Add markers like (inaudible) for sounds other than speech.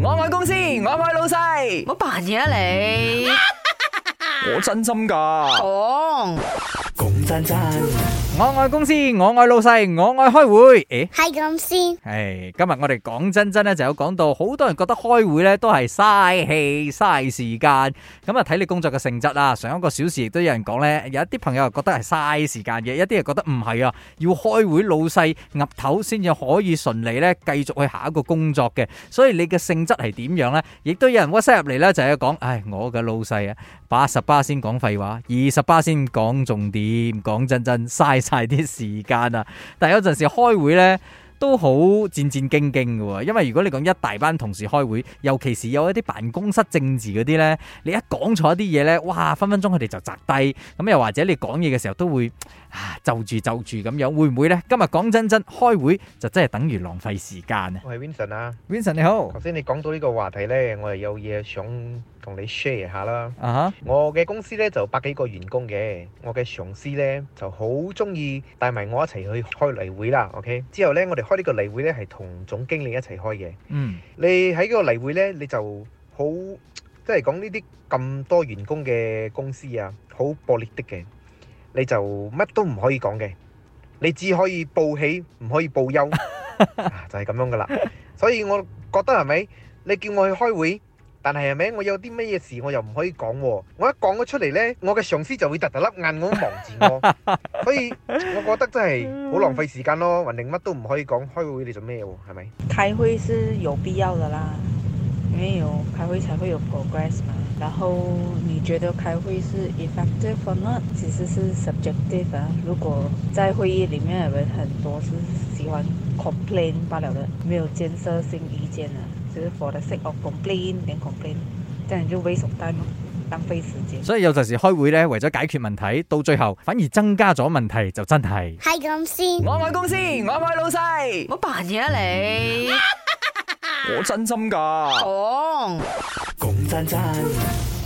我愛公司，我愛老細，我扮嘢啊你！ (laughs) 我真心噶。哦。Oh. 我愛公司，我愛老細，我愛開會。誒、欸，係咁先。誒、哎，今日我哋講真真咧，就有講到好多人覺得開會咧都係嘥氣嘥時間。咁、嗯、啊，睇你工作嘅性質啦。上一個小時亦都有人講呢。有一啲朋友又覺得係嘥時間嘅，一啲人覺得唔係啊。要開會老，老細岌頭先至可以順利咧，繼續去下一個工作嘅。所以你嘅性質係點樣呢？亦都有人 WhatsApp 入嚟呢，就係講，唉，我嘅老細啊，八十八先講廢話，二十八先講重點。講真真嘥晒啲時間啊！但係有陣時開會呢都好戰戰兢兢㗎，因為如果你講一大班同事開會，尤其是有一啲辦公室政治嗰啲呢，你一講錯一啲嘢呢，哇，分分鐘佢哋就窒低咁，又或者你講嘢嘅時候都會。啊，就住就住咁樣，會唔會咧？今日講真真開會就真係等於浪費時間啊！我係 Vincent 啊，Vincent 你好。頭先你講到呢個話題咧，我又有嘢想同你 share 下啦。啊？我嘅公司咧就百幾個員工嘅，我嘅上司咧就好中意帶埋我一齊去開例會啦。OK，之後咧我哋開呢個例會咧係同總經理一齊開嘅。嗯。你喺個例會咧，你就好即係講呢啲咁多員工嘅公司啊，好暴力的嘅。你就乜都唔可以講嘅，你只可以報喜唔可以報憂、 (laughs) 啊，就係、是、咁樣噶啦。所以我覺得係咪？你叫我去開會，但係係咪？我有啲乜嘢事我又唔可以講，我一講咗出嚟咧，我嘅上司就會突突粒眼我望住我， (laughs) 所以我覺得真係好浪費時間咯。橫掂乜都唔可以講，開會你做咩？係咪？開會是有必要的啦。沒有開會才會有 progress 嘛，然後你覺得開會是 effective or not？其實是 subjective 啊。如果在會議裏面人很多，是喜歡 complain 罷了的，沒有建設性意見啊，就是 for the sake of complain，點 complain？噉樣就嘥晒時間，浪費時間。所以有陣時開會咧，為咗解決問題，到最後反而增加咗問題，就真係。係公司，我愛公司，我愛老細，我扮嘢啊你。 (laughs) 我真心㗎，講講真真。珍珍。